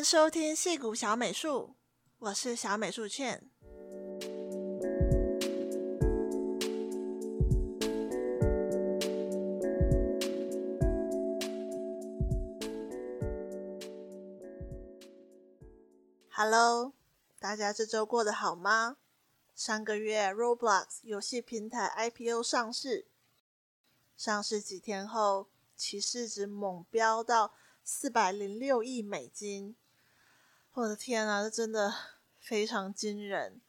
先收聽矽谷小美術，我是小美術茜。Hello，大家這周過得好嗎？上個月 Roblox 遊戲平台 IPO 上市，上市幾天後，其市值猛飆到四百零六億美金。我的天啊，這真的非常驚人，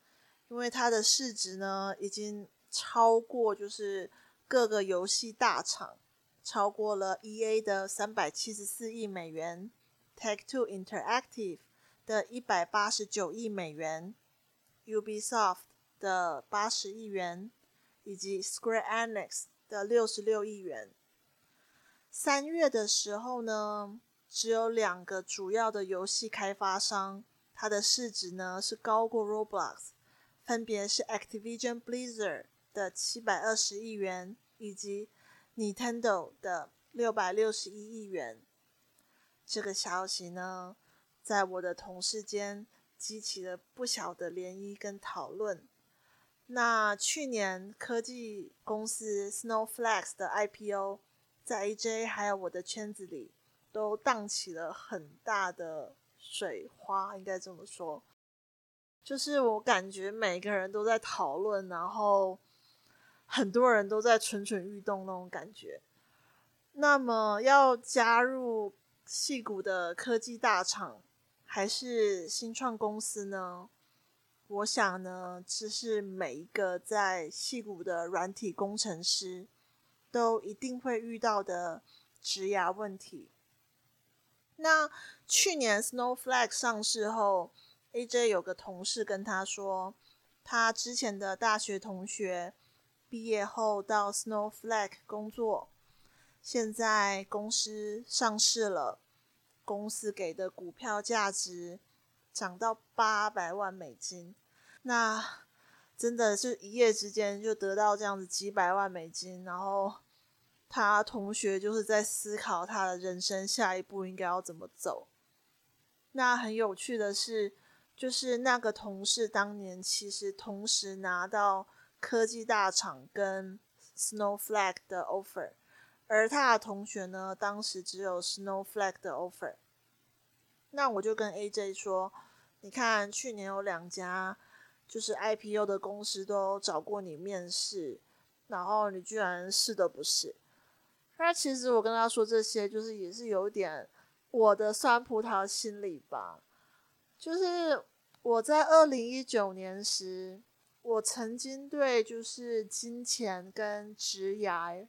因為它的市值呢，已經超過就是各個遊戲大廠，超過了 EA 的三百七十四億美元，Take Two Interactive 的一百八十九億美元，Ubisoft 的八十億元，以及 Square Enix 的六十六億元。三月的時候呢，只有兩個主要的遊戲開發商，它的市值呢是高過 Roblox，分別是 Activision Blizzard 的七百二十億元，以及 Nintendo 的六百六十一億元。這個消息呢，在我的同事間激起了不小的漣漪跟討論。那去年科技公司 Snowflake 的 IPO，在 AJ 還有我的圈子裡。都盪起了很大的水花，應該這麼說，就是我感覺每個人都在討論，然後很多人都在蠢蠢欲動那種感覺。那麼要加入矽谷的科技大廠還是新創公司呢？我想呢，這，就是每一個在矽谷的軟體工程師都一定會遇到的職涯問題。那去年 Snowflake 上市後，AJ 有個同事跟他說，他之前的大學同學畢業後到 Snowflake 工作，現在公司上市了，公司給的股票價值漲到八百萬美金，那真的是一夜之間就得到這樣子幾百萬美金，然後。他同學就是在思考他的人生下一步應該要怎麼走。那很有趣的是，就是那個同事當年其實同時拿到科技大廠跟 Snowflake 的 offer，而他的同學呢，當時只有 Snowflake 的 offer。那我就跟 AJ 說：“你看，去年有兩家就是 IPO 的公司都找過你面試，然後你居然試都不試。”那其實我跟他說這些，就是也是有點我的酸葡萄心理吧。就是我在二零一九年時，我曾經對就是金錢跟職涯，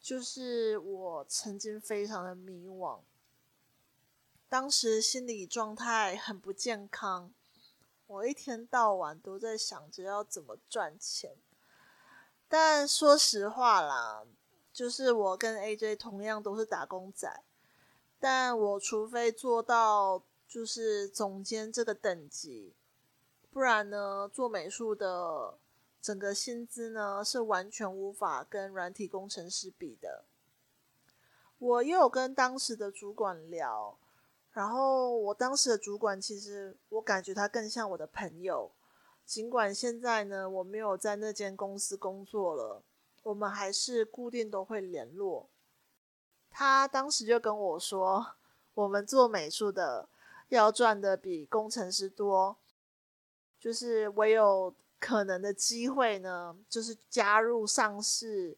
就是我曾經非常的迷惘，當時心理狀態很不健康，我一天到晚都在想着要怎麼賺錢。但說實話啦。就是我跟 AJ 同樣都是打工仔，但我除非做到就是總監這個等級，不然呢，做美術的整個薪資呢是完全無法跟軟體工程師比的。我也有跟當時的主管聊，然後我當時的主管其實我感覺他更像我的朋友，儘管現在呢我沒有在那間公司工作了。我們還是固定都會聯絡。他當時就跟我說，我們做美術的要賺的比工程師多，就是唯有可能的機會呢，就是加入上市，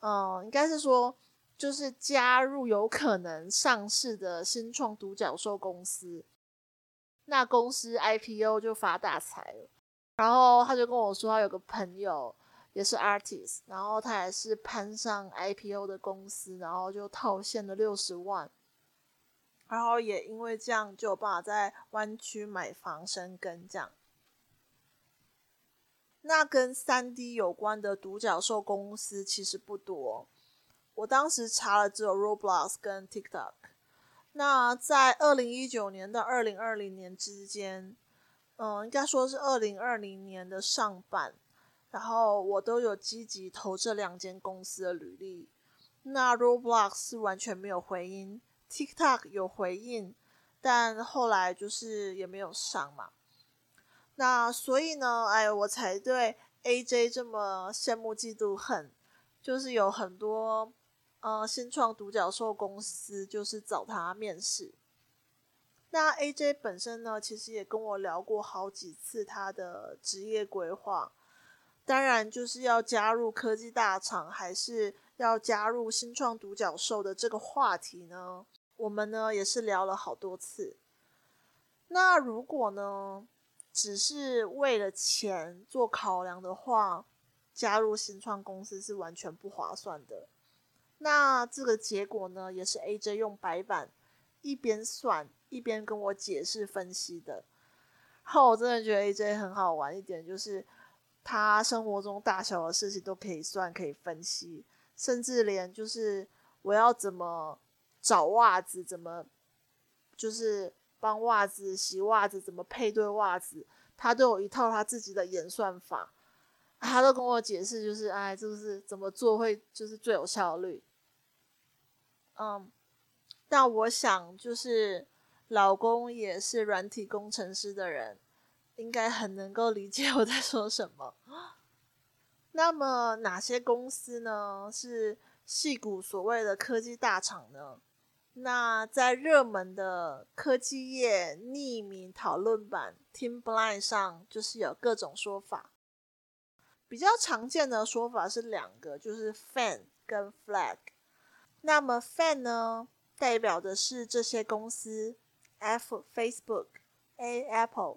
嗯，應該是說就是加入有可能上市的新創獨角獸公司，那公司 IPO 就發大財了。然後他就跟我說，他有個朋友。也是 artist，然後他也是攀上 IPO 的公司，然後就套現了六十萬，然後也因為這樣就有辦法在灣區買房生根。這樣，那跟三 D 有關的獨角獸公司其實不多，我當時查了只有 Roblox 跟 TikTok。那在二零一九年到二零二零年之間，嗯，應該說是二零二零年的上半。然後我都有積極投這兩間公司的履歷，那 Roblox 是完全沒有回音，TikTok 有回應，但後來就是也沒有上嘛。那所以呢，哎，我才對 AJ 這麼羨慕嫉妒恨，就是有很多呃新創獨角獸公司就是找他面試。那 AJ 本身呢，其實也跟我聊過好幾次他的職業規劃。當然，就是要加入科技大廠，還是要加入新創獨角獸的這個話題呢？我們呢也是聊了好多次。那如果呢，只是為了錢做考量的話，加入新創公司是完全不划算的。那這個結果呢，也是 AJ 用白板一邊算一邊跟我解釋分析的。然後我真的覺得 AJ 很好玩一點，就是。他生活中大小的事情都可以算，可以分析，甚至連就是我要怎麼找襪子，怎麼就是幫襪子洗襪子，怎麼配對襪子，他都有一套他自己的演算法。他都跟我解釋，就是哎，就是怎麼做會就是最有效率。嗯，但我想就是老公也是軟體工程師的人，應該很能夠理解我在說什麼。那麼哪些公司呢？是矽谷所謂的科技大廠呢？那在熱門的科技業匿名討論版 Team Blind 上，就是有各種說法。比較常見的說法是兩個，就是 Fan 跟 Flag。那麼 Fan 呢，代表的是這些公司：F Facebook、A Apple。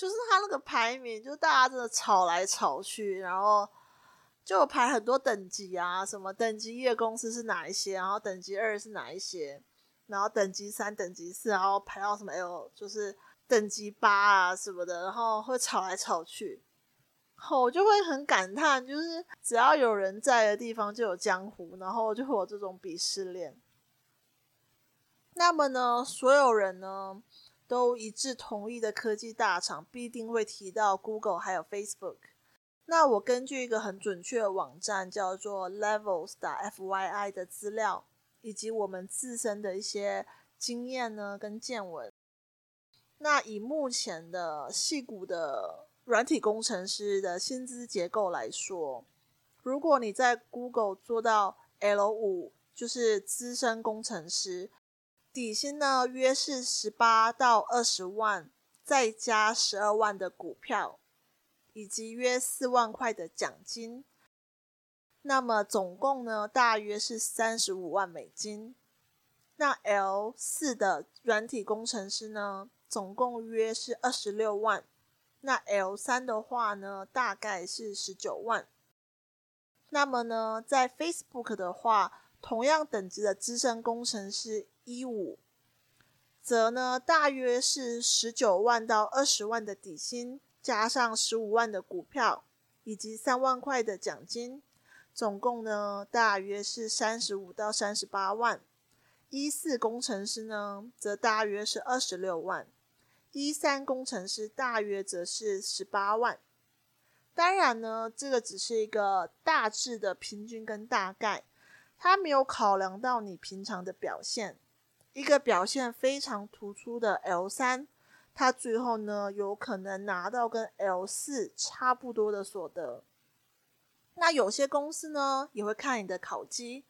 就是他那個排名，就大家真的吵來吵去，然後就排很多等級啊，什麼等級一的公司是哪一些，然後等級二是哪一些，然後等級三、等級四，然後排到什麼？哎，就是等級八啊什麼的，然後會吵來吵去。我就會很感嘆，就是只要有人在的地方就有江湖，然後就會有這種鄙視鏈。那麼呢，所有人呢？都一致同意的科技大廠必定會提到 Google 還有 Facebook。那我根據一個很準確的網站叫做 Levels.fyi 的資料，以及我們自身的一些經驗呢跟見聞。那以目前的矽谷的軟體工程師的薪資結構來說，如果你在 Google 做到 L 五，就是資深工程師。底薪呢約是十八到二十萬，再加十二萬的股票，以及約四萬塊的獎金，那麼總共呢大約是三十五萬美金。那 L 四的軟體工程師呢，總共約是二十六萬。那 L 三的話呢，大概是十九萬。那麼呢，在 Facebook 的話，同樣等級的資深工程師，一五，則呢大約是十九萬到二十萬的底薪，加上十五萬的股票，以及三萬塊的獎金，總共呢大約是三十五到三十八萬。一四工程師呢則大約是二十六萬，一三工程師大約則是十八萬。當然呢，這個只是一個大致的平均跟大概，它沒有考量到你平常的表現。一個表現非常突出的 L 三，他最後呢有可能拿到跟 L 四差不多的所得。那有些公司呢也會看你的考績，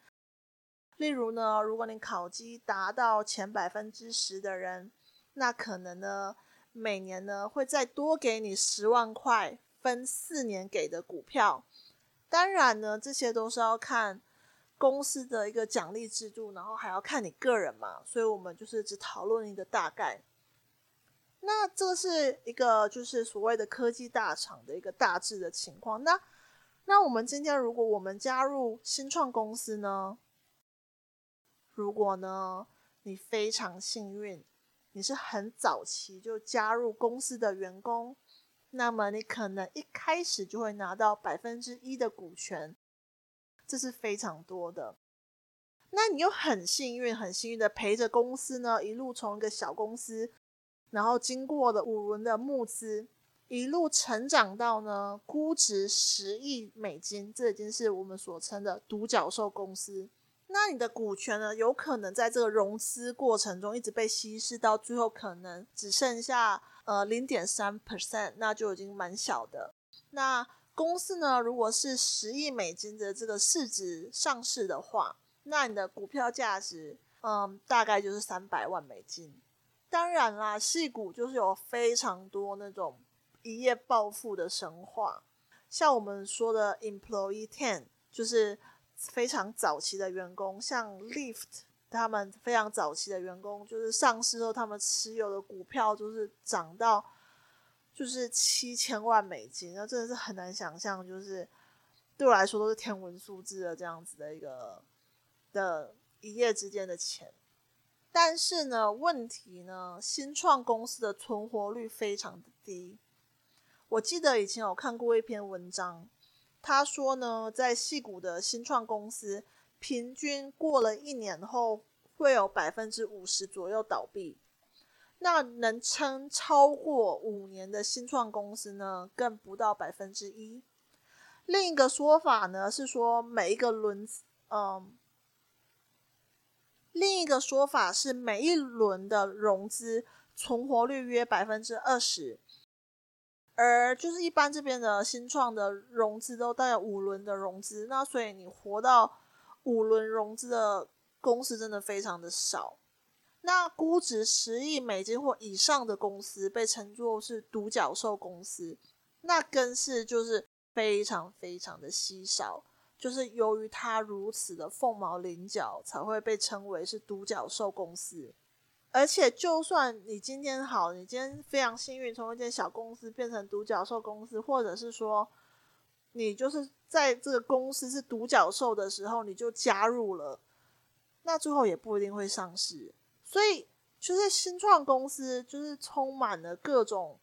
例如呢，如果你考績達到前百分之十的人，那可能呢每年呢會再多給你十萬塊，分四年給的股票。當然呢，這些都是要看。公司的一個獎勵制度，然後還要看你個人嘛，所以我們就是只討論一個大概。那這是一個就是所謂的科技大廠的一個大致的情況。那那我們今天如果我們加入新創公司呢？如果呢你非常幸運，你是很早期就加入公司的員工，那麼你可能一開始就會拿到百分之一的股權。這是非常多的，那你又很幸運，很幸運的陪着公司呢，一路從一個小公司，然後經過了五輪的募資，一路成長到呢估值十億美金，這已經是我們所稱的獨角獸公司。那你的股權呢，有可能在這個融資過程中一直被稀釋，到最後可能只剩下呃零點三 percent，那就已經蠻小的。那公司呢，如果是十億美金的這個市值上市的話，那你的股票價值，嗯，大概就是三百萬美金。當然啦，矽谷就是有非常多那種一夜暴富的神話，像我們說的 Employee ten，就是非常早期的員工，像 Lift 他們非常早期的員工，就是上市之後他們持有的股票就是漲到。就是七千萬美金，那真的是很難想象。就是對我來說都是天文數字的這樣子的一個的一夜之間的錢，但是呢，問題呢，新創公司的存活率非常的低。我記得以前有看過一篇文章，他說呢，在矽谷的新創公司，平均過了一年後會有百分之五十左右倒閉。那能撐超過五年的新創公司呢，更不到百分之一。另一個說法呢是說，每一個輪，嗯，另一個說法是每一輪的融資存活率約百分之二十，而就是一般這邊的新創的融資都帶有五輪的融資，那所以你活到五輪融資的公司真的非常的少。那估值十億美金或以上的公司被稱作是獨角獸公司，那更是就是非常非常的稀少，就是由於它如此的鳳毛麟角，才會被稱為是獨角獸公司。而且，就算你今天好，你今天非常幸運，從一間小公司變成獨角獸公司，或者是說，你就是在這個公司是獨角獸的時候，你就加入了，那最後也不一定會上市。所以，就是新創公司就是充滿了各種，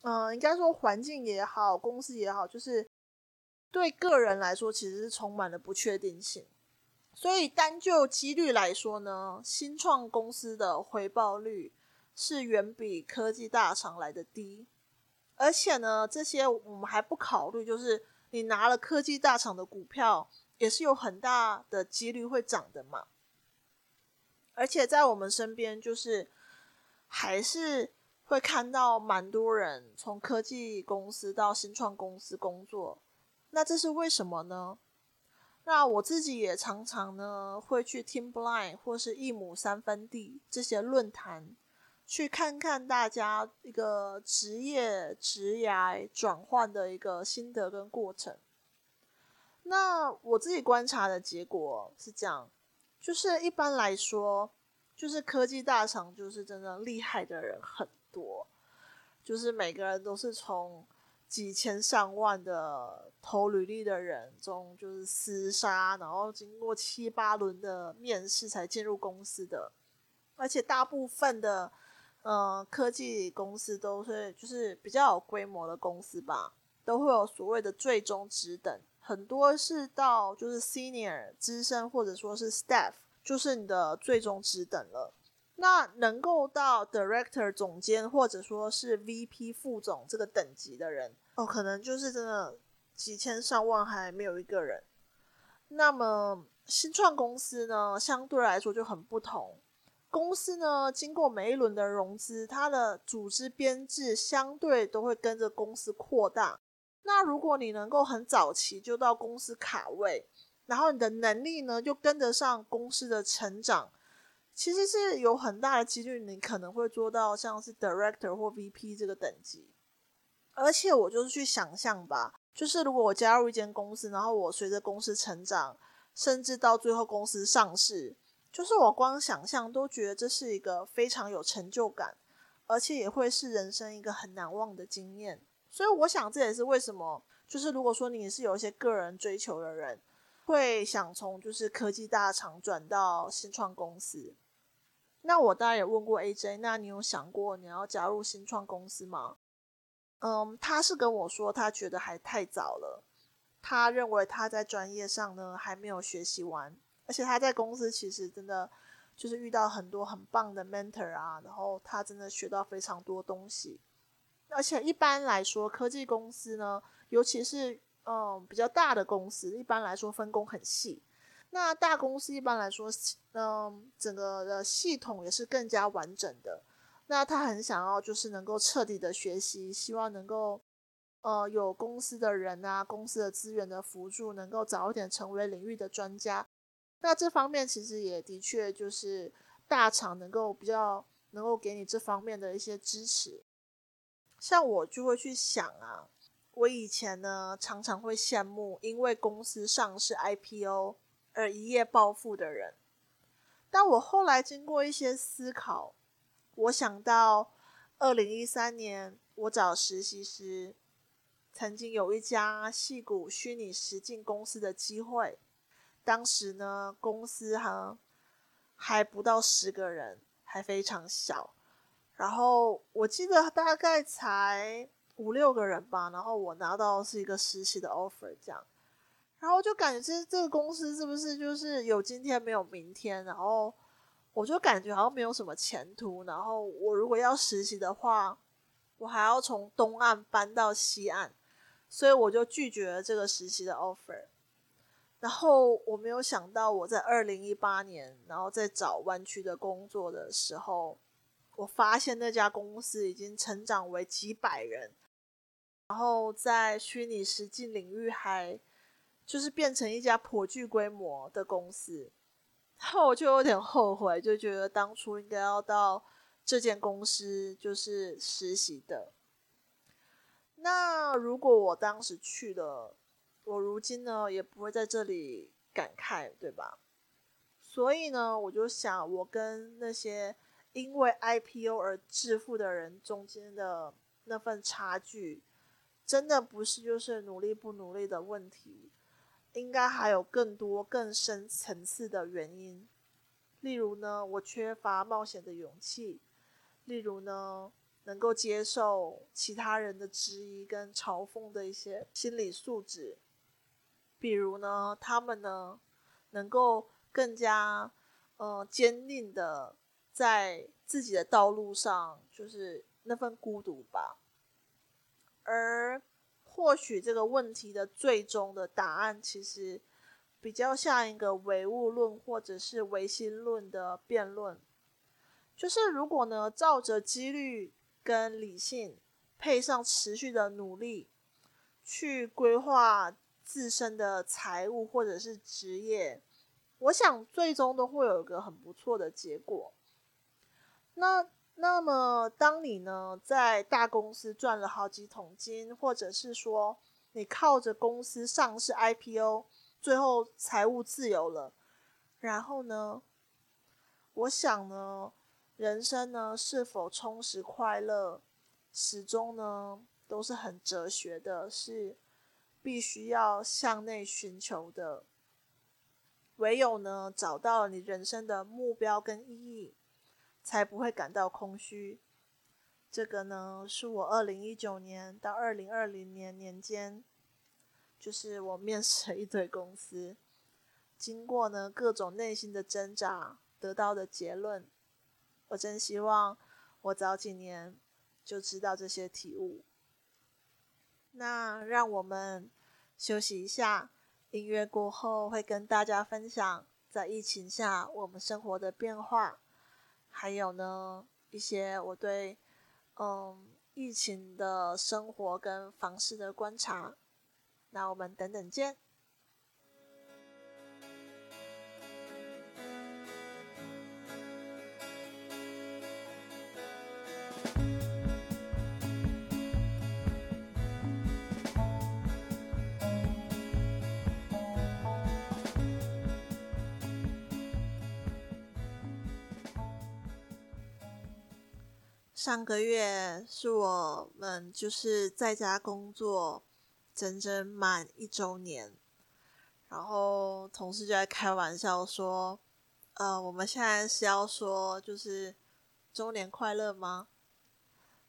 嗯，應該說環境也好，公司也好，就是對個人來說其實是充滿了不確定性。所以單就幾率來說呢，新創公司的回報率是遠比科技大廠來的低。而且呢，這些我們還不考慮，就是你拿了科技大廠的股票，也是有很大的幾率會漲的嘛。而且在我們身邊，就是還是會看到蠻多人從科技公司到新創公司工作。那這是為什麼呢？那我自己也常常呢會去 Team Blind 或是一畝三分地這些論壇，去看看大家一個職業職涯轉換的一個心得跟過程。那我自己觀察的結果是這樣。就是一般來說，就是科技大廠，就是真的厲害的人很多，就是每個人都是從幾千上萬的投履歷的人中，就是厮殺，然後經過七八輪的面試才進入公司的，而且大部分的，嗯、呃，科技公司都是就是比較有規模的公司吧，都會有所謂的最終職等。很多是到就是 senior 資深或者說是 staff，就是你的最終職等了。那能夠到 director 總監或者說是 VP 副總這個等級的人，哦，可能就是真的幾千上萬還沒有一個人。那麼新創公司呢，相對來說就很不同。公司呢，經過每一輪的融資，它的組織編制相對都會跟着公司擴大。那如果你能夠很早期就到公司卡位，然後你的能力呢，就跟得上公司的成長，其實是有很大的幾率你可能會做到像是 director 或 VP 這個等級。而且我就是去想象吧，就是如果我加入一間公司，然後我隨着公司成長，甚至到最後公司上市，就是我光想象都覺得這是一個非常有成就感，而且也會是人生一個很難忘的經驗。所以我想，這也是為什麼，就是如果說你是有一些個人追求的人，會想從就是科技大廠轉到新創公司。那我當然也問過 AJ，那你有想過你要加入新創公司嗎？嗯，他是跟我說，他覺得還太早了，他認為他在專業上呢還沒有學習完，而且他在公司其實真的就是遇到很多很棒的 mentor 啊，然後他真的學到非常多東西。而且一般來說，科技公司呢，尤其是嗯比較大的公司，一般來說分工很細。那大公司一般來說，嗯整個的系統也是更加完整的。那他很想要就是能夠徹底的學習，希望能夠呃、嗯、有公司的人啊、公司的資源的輔助，能夠早一點成為領域的專家。那這方面其實也的確就是大廠能夠比較能夠給你這方面的一些支持。像我就會去想啊，我以前呢常常會羨慕因為公司上市 IPO 而一夜暴富的人，但我後來經過一些思考，我想到二零一三年我找實習時，曾經有一家矽谷虛擬實境公司的機會，當時呢公司哈，還不到十個人，還非常小。然後我記得大概才五六個人吧，然後我拿到是一個實習的 offer，這樣，然後就感覺這，這這個公司是不是就是有今天沒有明天？然後我就感覺好像沒有什麼前途。然後我如果要實習的話，我還要從東岸搬到西岸，所以我就拒絕了這個實習的 offer。然後我沒有想到，我在二零一八年，然後在找灣區的工作的時候。我發現那家公司已經成長為幾百人，然後在虛擬實際領域還就是變成一家頗具規模的公司，然後我就有點後悔，就覺得當初應該要到這間公司就是實習的。那如果我當時去了，我如今呢也不會在這裡感慨，對吧？所以呢，我就想，我跟那些。因為 IPO 而致富的人中間的那份差距，真的不是就是努力不努力的問題，應該還有更多更深層次的原因。例如呢，我缺乏冒險的勇氣；例如呢，能夠接受其他人的質疑跟嘲諷的一些心理素質；比如呢，他們呢，能夠更加呃堅定的。在自己的道路上，就是那份孤獨吧。而或許這個問題的最終的答案，其實比較像一個唯物論或者是唯心論的辯論。就是如果呢，照着幾率跟理性，配上持續的努力，去規劃自身的財務或者是職業，我想最終都會有一個很不錯的結果。那那麼，當你呢在大公司賺了好幾桶金，或者是說你靠着公司上市 IPO，最後財務自由了，然後呢，我想呢，人生呢是否充實快樂，始終呢都是很哲學的，是必須要向內尋求的，唯有呢找到你人生的目標跟意義。才不會感到空虛。這個呢，是我二零一九年到二零二零年年間，就是我面試了一堆公司，經過呢各種內心的掙扎得到的結論。我真希望我早幾年就知道這些體悟。那讓我們休息一下，音樂過後會跟大家分享在疫情下我們生活的變化。還有呢，一些我對嗯，疫情的生活跟房市的觀察，那我們等等見。上個月是我們就是在家工作整整滿一周年，然後同事就在開玩笑說：“呃，我們現在是要說就是周年快樂嗎？”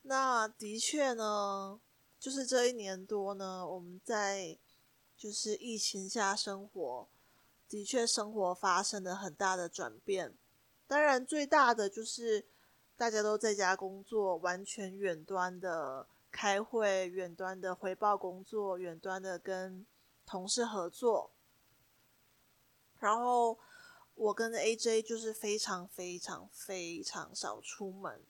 那的確呢，就是這一年多呢，我們在就是疫情下生活，的確生活發生了很大的轉變。當然，最大的就是。大家都在家工作，完全遠端的開會，遠端的回報工作，遠端的跟同事合作。然後我跟 AJ 就是非常非常非常少出門，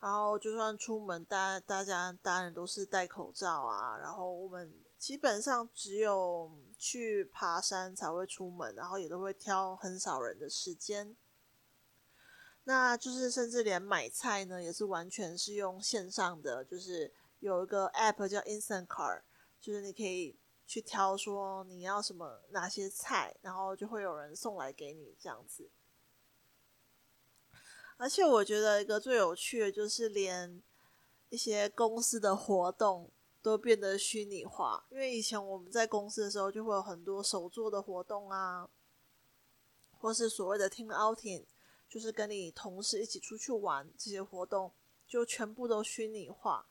然後就算出門，大家大家當然都是戴口罩啊。然後我們基本上只有去爬山才會出門，然後也都會挑很少人的時間。那就是，甚至連買菜呢，也是完全是用線上的，就是有一個 app 叫 Instacart，就是你可以去挑說你要什麼哪些菜，然後就會有人送來給你這樣子。而且我覺得一個最有趣的，就是連一些公司的活動都變得虛擬化，因為以前我們在公司的時候，就會有很多手作的活動啊，或是所謂的 team outing。就是跟你同事一起出去玩這些活動，就全部都虛擬化。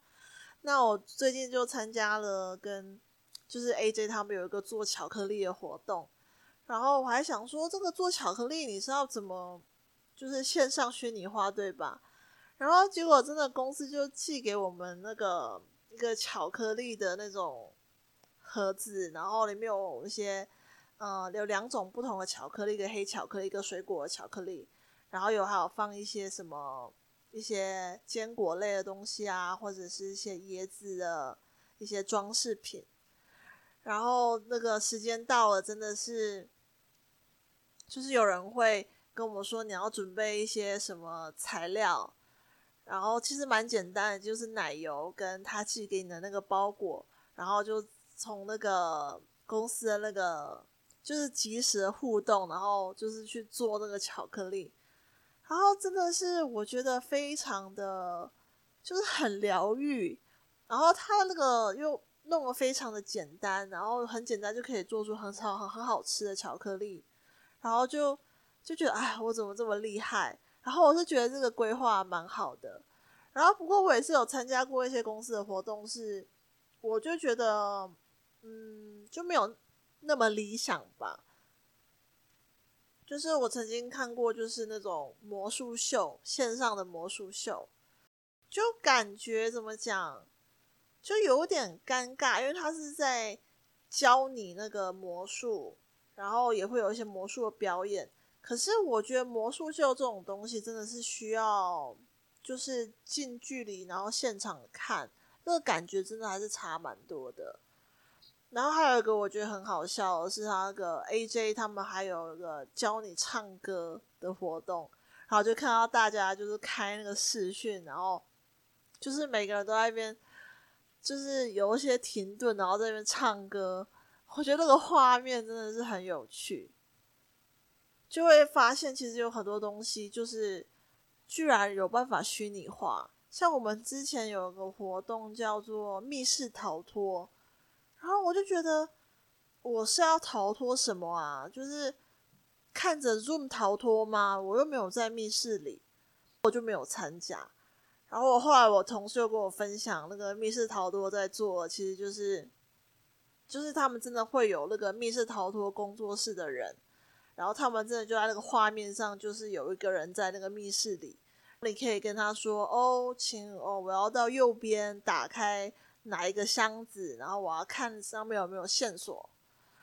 那我最近就參加了跟就是 AJ 他們有一個做巧克力的活動，然後我還想說這個做巧克力你是要怎麼就是線上虛擬化對吧？然後結果真的公司就寄給我們那個一個巧克力的那種盒子，然後裡面有一些呃有兩種不同的巧克力，一個黑巧克力，一個水果的巧克力。然後有，還有放一些什麼一些堅果類的東西啊，或者是一些椰子的一些裝飾品。然後那個時間到了，真的是，就是有人會跟我們說你要準備一些什麼材料。然後其實蠻簡單的，就是奶油跟他寄給你的那個包裹，然後就從那個公司的那個就是即時的互動，然後就是去做那個巧克力。然後真的是我覺得非常的，就是很療癒，然後他那個又弄得非常的簡單，然後很簡單就可以做出很好很很好吃的巧克力，然後就就覺得哎，我怎麼這麼厲害？然後我是覺得這個規劃蠻好的，然後不過我也是有參加過一些公司的活動是，是我就覺得嗯，就沒有那麼理想吧。就是我曾經看過，就是那種魔術秀，線上的魔術秀，就感覺怎麼講，就有點尷尬，因為他是在教你那個魔術，然後也會有一些魔術的表演。可是我覺得魔術秀這種東西，真的是需要就是近距離，然後現場看，那個感覺真的還是差蠻多的。然後還有一個我覺得很好笑的是，他那個 AJ 他們還有一個教你唱歌的活動，然後就看到大家就是開那個視訊，然後就是每個人都在那邊，就是有一些停頓，然後在那邊唱歌。我覺得那個畫面真的是很有趣，就會發現其實有很多東西就是居然有辦法虛擬化，像我們之前有個活動叫做密室逃脫。然後我就覺得我是要逃脫什麼啊？就是看着 Zoom 逃脫嗎？我又沒有在密室裡，我就沒有參加。然後我後來我同事又跟我分享那個密室逃脫在做，其實就是就是他們真的會有那個密室逃脫工作室的人，然後他們真的就在那個畫面上，就是有一個人在那個密室裡，你可以跟他說：“哦，請哦，我要到右邊打開。”拿一個箱子，然後我要看上面有沒有線索。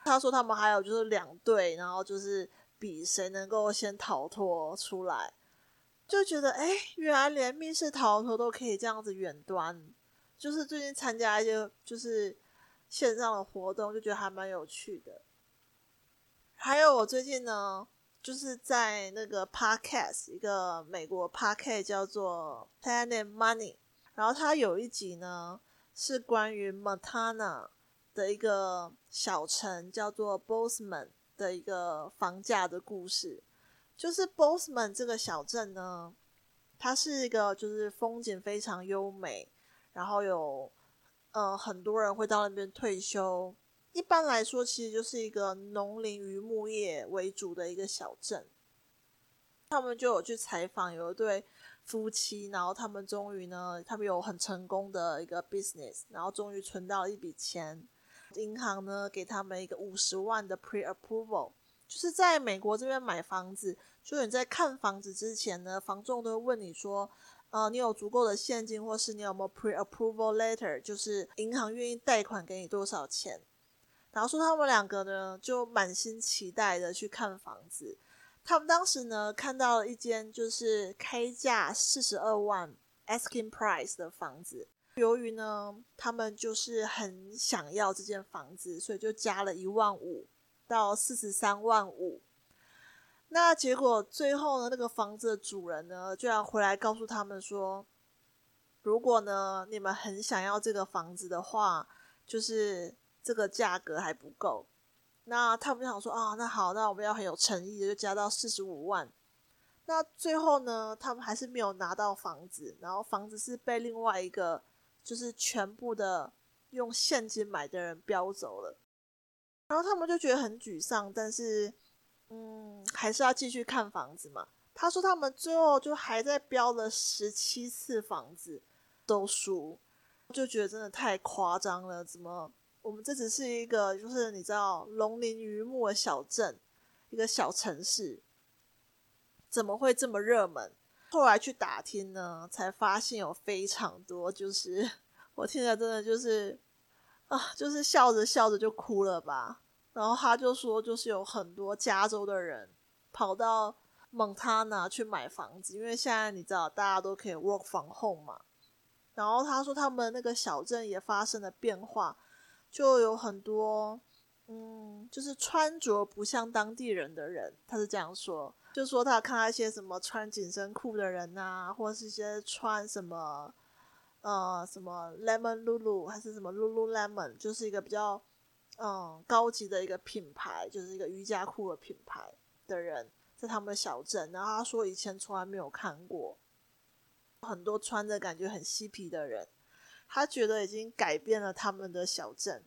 他說他們還有就是兩隊，然後就是比誰能夠先逃脫出來。就覺得誒、欸，原來連密室逃脫都可以這樣子遠端。就是最近參加一些就是線上的活動，就覺得還蠻有趣的。還有我最近呢，就是在那個 Podcast，一個美國 Podcast 叫做 Planet Money，然後他有一集呢。是關於 Montana 的一個小城，叫做 Bozeman 的一個房價的故事。就是 Bozeman 這個小鎮呢，它是一個就是風景非常優美，然後有呃很多人會到那邊退休。一般來說，其實就是一個農林與牧業為主的一個小鎮。他們就有去採訪有一對。夫妻，然後他們終於呢，他們有很成功的一個 business，然後終於存到一筆錢，銀行呢給他們一個五十萬的 pre-approval，就是在美國這邊買房子，所以你在看房子之前呢，房仲都會問你說，呃，你有足夠的現金，或是你有沒有 pre-approval letter，就是銀行願意貸款給你多少錢。然後說他們兩個呢，就滿心期待的去看房子。他們當時呢，看到了一間就是開價四十二萬 asking price 的房子，由於呢，他們就是很想要這間房子，所以就加了一萬五到四十三萬五。那結果最後呢，那個房子的主人呢，就要回來告訴他們說，如果呢你們很想要這個房子的話，就是這個價格還不夠。那他們就想說啊，那好，那我們要很有誠意的，就加到四十五萬。那最後呢，他們還是沒有拿到房子，然後房子是被另外一個就是全部的用現金買的人標走了。然後他們就覺得很沮喪，但是嗯，還是要繼續看房子嘛。他說他們最後就還在標了十七次房子都輸，就覺得真的太誇張了，怎麼？我們這只是一個，就是你知道，龍鱗魚木的小鎮，一個小城市，怎麼會這麼熱門？後來去打聽呢，才發現有非常多，就是我聽着真的就是，啊，就是笑着笑着就哭了吧。然後他就說，就是有很多加州的人跑到蒙塔納去買房子，因為現在你知道，大家都可以 work from home 嘛。然後他說，他們那個小鎮也發生了變化。就有很多，嗯，就是穿着不像當地人的人，他是這樣說，就說他看到一些什麼穿緊身褲的人啊，或者是一些穿什麼，呃，什麼 Lemon Lulu 還是什麼 Lululemon，就是一個比較嗯高級的一個品牌，就是一個瑜伽褲的品牌的人，在他們的小鎮，然後他說以前從來沒有看過很多穿着感覺很嬉皮的人。他覺得已經改變了他們的小鎮。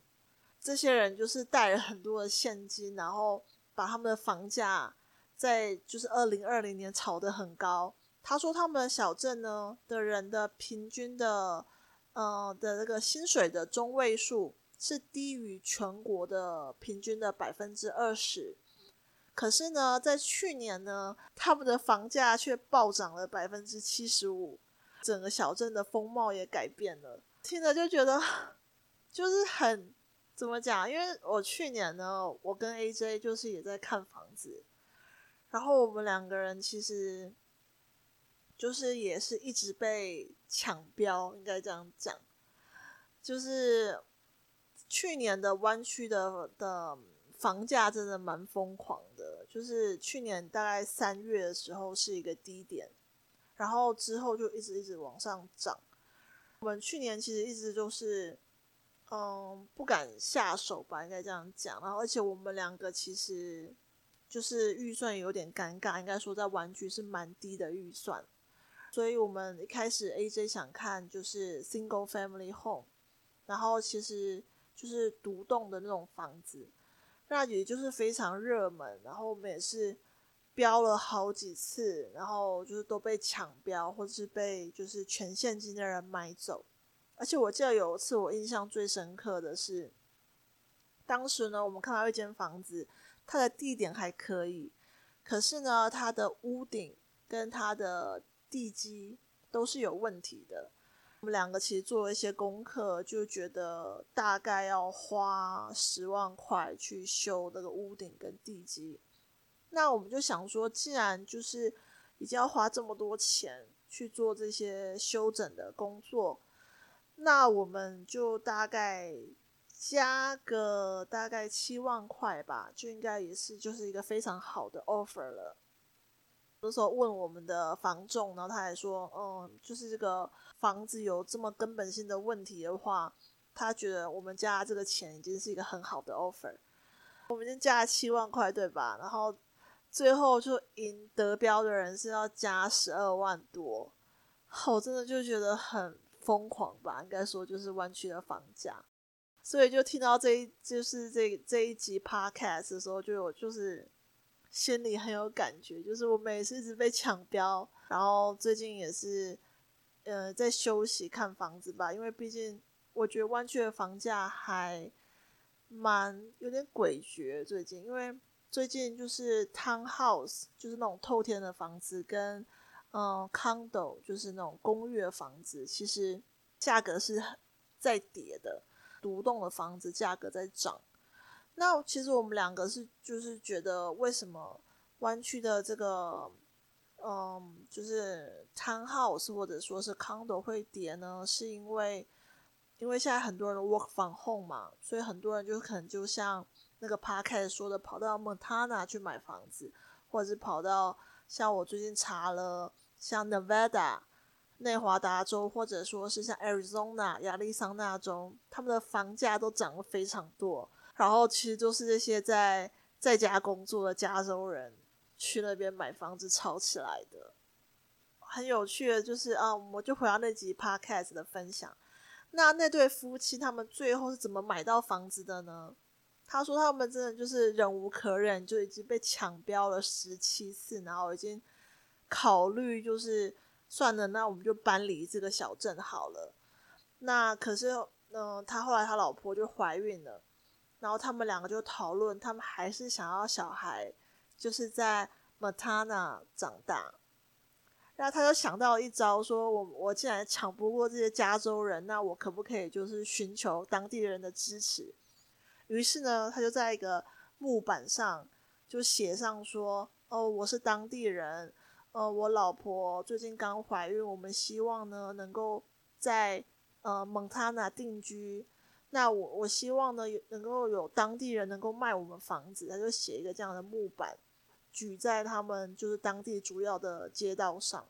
這些人就是帶了很多的現金，然後把他們的房價在就是二零二零年炒得很高。他說，他們的小鎮呢的人的平均的呃的那個薪水的中位數是低於全國的平均的百分之二十。可是呢，在去年呢，他們的房價卻暴漲了百分之七十五，整個小鎮的風貌也改變了。聽着就覺得，就是很，怎麼講？因為我去年呢，我跟 AJ 就是也在看房子，然後我們兩個人其實就是也是一直被搶標，應該這樣講。就是去年的灣區的的房價真的蠻瘋狂的，就是去年大概三月的時候是一個低點，然後之後就一直一直往上漲。我們去年其實一直就是，嗯，不敢下手吧，應該這樣講。然後，而且我們兩個其實就是預算有點尷尬，應該說在灣區是蠻低的預算。所以我們一開始 AJ 想看就是 single family home，然後其實就是獨棟的那種房子，那也就是非常熱門。然後我們也是。標了好幾次，然後就是都被搶標，或者是被就是全現金的人買走。而且我記得有一次，我印象最深刻的是，當時呢，我們看到一間房子，它的地點還可以，可是呢，它的屋頂跟它的地基都是有問題的。我們兩個其實做了一些功課，就覺得大概要花十萬塊去修那個屋頂跟地基。那我們就想說，既然就是已經要花這麼多錢去做這些修整的工作，那我們就大概加個大概七萬塊吧，就應該也是就是一個非常好的 offer 了。那時候問我們的房仲，然後他還說，嗯，就是這個房子有這麼根本性的問題的話，他覺得我們加這個錢已經是一個很好的 offer。我們已經加了七萬塊，對吧？然後。最後就贏得標的人是要加十二萬多，我、oh, 真的就覺得很瘋狂吧，應該說就是灣區的房價。所以就聽到這一就是這一這一集 podcast 的時候，就有就是心裡很有感覺，就是我每次一直被搶標，然後最近也是，呃，在休息看房子吧，因為畢竟我覺得灣區的房價還蠻有點詭譎，最近因為。最近就是 townhouse，就是那種透天的房子，跟嗯 condo，就是那種公寓的房子，其實價格是在跌的，獨棟的房子價格在漲。那其實我們兩個是就是覺得，為什麼灣區的這個嗯就是 townhouse 或者說是 condo 會跌呢？是因為因為現在很多人 work from home 嘛，所以很多人就可能就像。那個 Podcast 說的，跑到蒙塔納去買房子，或者是跑到像我最近查了，像 Nevada 內華達州，或者說是像 Arizona 亞利桑那州，他們的房價都漲了非常多。然後其實都是這些在在家工作的加州人去那邊買房子炒起來的。很有趣的，就是啊，我就回到那集 Podcast 的分享。那那對夫妻他們最後是怎麼買到房子的呢？他說：“他們真的就是忍無可忍，就已經被搶標了十七次，然後已經考慮就是算了，那我們就搬離這個小鎮好了。那可是，嗯、呃，他後來他老婆就懷孕了，然後他們兩個就討論，他們還是想要小孩，就是在 Matana 長大。然後他就想到一招，說我我既然搶不過這些加州人，那我可不可以就是尋求當地人的支持？”於是呢，他就在一個木板上就寫上說：“哦，我是當地人，呃，我老婆最近剛懷孕，我們希望呢能夠在呃蒙塔納定居。那我我希望呢，能夠有當地人能夠賣我們房子。”他就寫一個這樣的木板，舉在他們就是當地主要的街道上。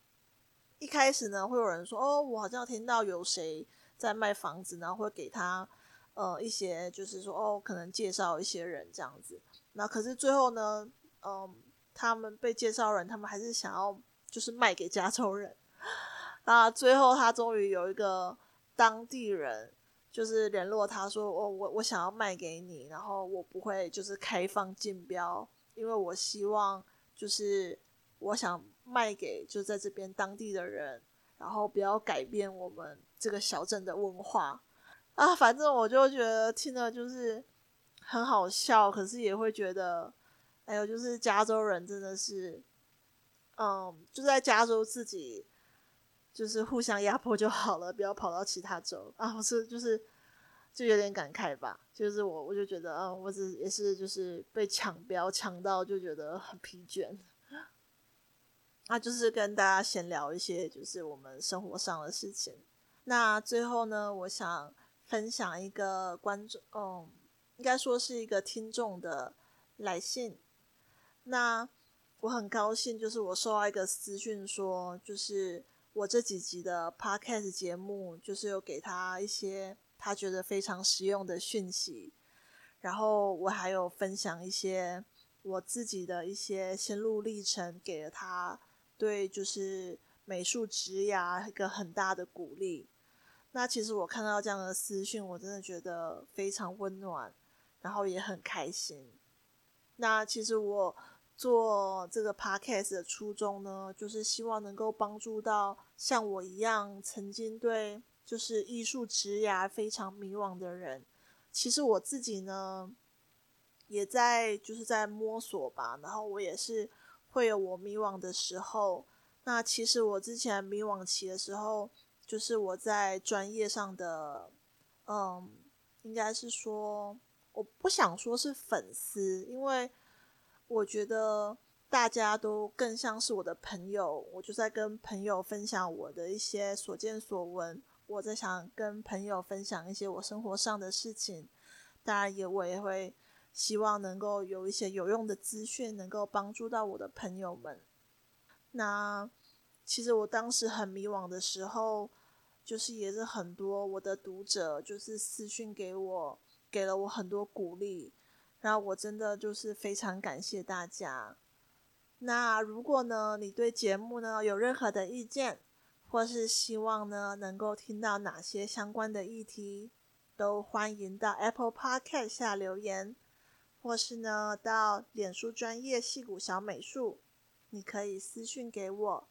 一開始呢，會有人說：“哦，我好像聽到有誰在賣房子，然後會給他。”呃、嗯，一些就是說哦，可能介紹一些人這樣子。那可是最後呢，嗯，他們被介紹人，他們還是想要就是賣給加州人。啊，最後他終於有一個當地人，就是聯絡他說：“哦、我我我想要賣給你，然後我不會就是開放競標，因為我希望就是我想賣給就在這邊當地的人，然後不要改變我們這個小鎮的文化。”啊，反正我就覺得聽了就是很好笑，可是也會覺得，哎呦，就是加州人真的是，嗯，就在加州自己就是互相壓迫就好了，不要跑到其他州啊！我是就是就有點感慨吧，就是我我就覺得啊、嗯，我只也是就是被搶標搶到就覺得很疲倦啊，就是跟大家閒聊一些就是我們生活上的事情。那最後呢，我想。分享一個觀眾，嗯、哦，應該說是一個聽眾的來信。那我很高興，就是我收到一個私訊說，就是我這幾集的 podcast 節目，就是有給他一些他覺得非常實用的訊息。然後我還有分享一些我自己的一些心路歷程，給了他，對，就是美術職涯一個很大的鼓勵。那其實我看到這樣的私訊，我真的覺得非常溫暖，然後也很開心。那其實我做這個 Podcast 的初衷呢，就是希望能夠幫助到像我一樣曾經對就是藝術職涯非常迷惘的人。其實我自己呢，也在就是在摸索吧，然後我也是會有我迷惘的時候。那其實我之前迷惘期的時候。就是我在專業上的，嗯，應該是說，我不想說是粉絲，因為我覺得大家都更像是我的朋友。我就在跟朋友分享我的一些所見所聞，我在想跟朋友分享一些我生活上的事情。當然，也我也會希望能夠有一些有用的資訊，能夠幫助到我的朋友們。那。其實我當時很迷惘的時候，就是也是很多我的讀者就是私訊給我，給了我很多鼓勵，然後我真的就是非常感謝大家。那如果呢，你對節目呢有任何的意見，或是希望呢能夠聽到哪些相關的議題，都歡迎到 Apple Podcast 下留言，或是呢到臉書專頁矽谷小美術，你可以私訊給我。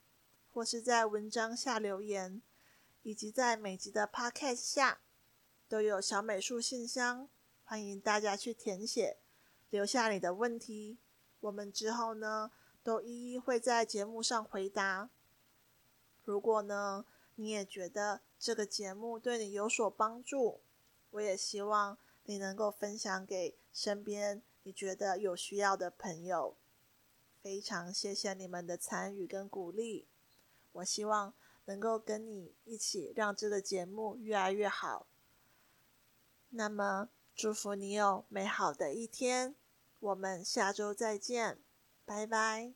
或是在文章下留言，以及在每集的 Podcast 下都有小美術信箱，歡迎大家去填寫，留下你的問題。我們之後呢，都一一會在節目上回答。如果呢，你也覺得這個節目對你有所幫助，我也希望你能夠分享給身邊你覺得有需要的朋友。非常謝謝你們的參與跟鼓勵。我希望能夠跟你一起讓這個節目越來越好。那麼，祝福你有美好的一天，我們下週再見，拜拜。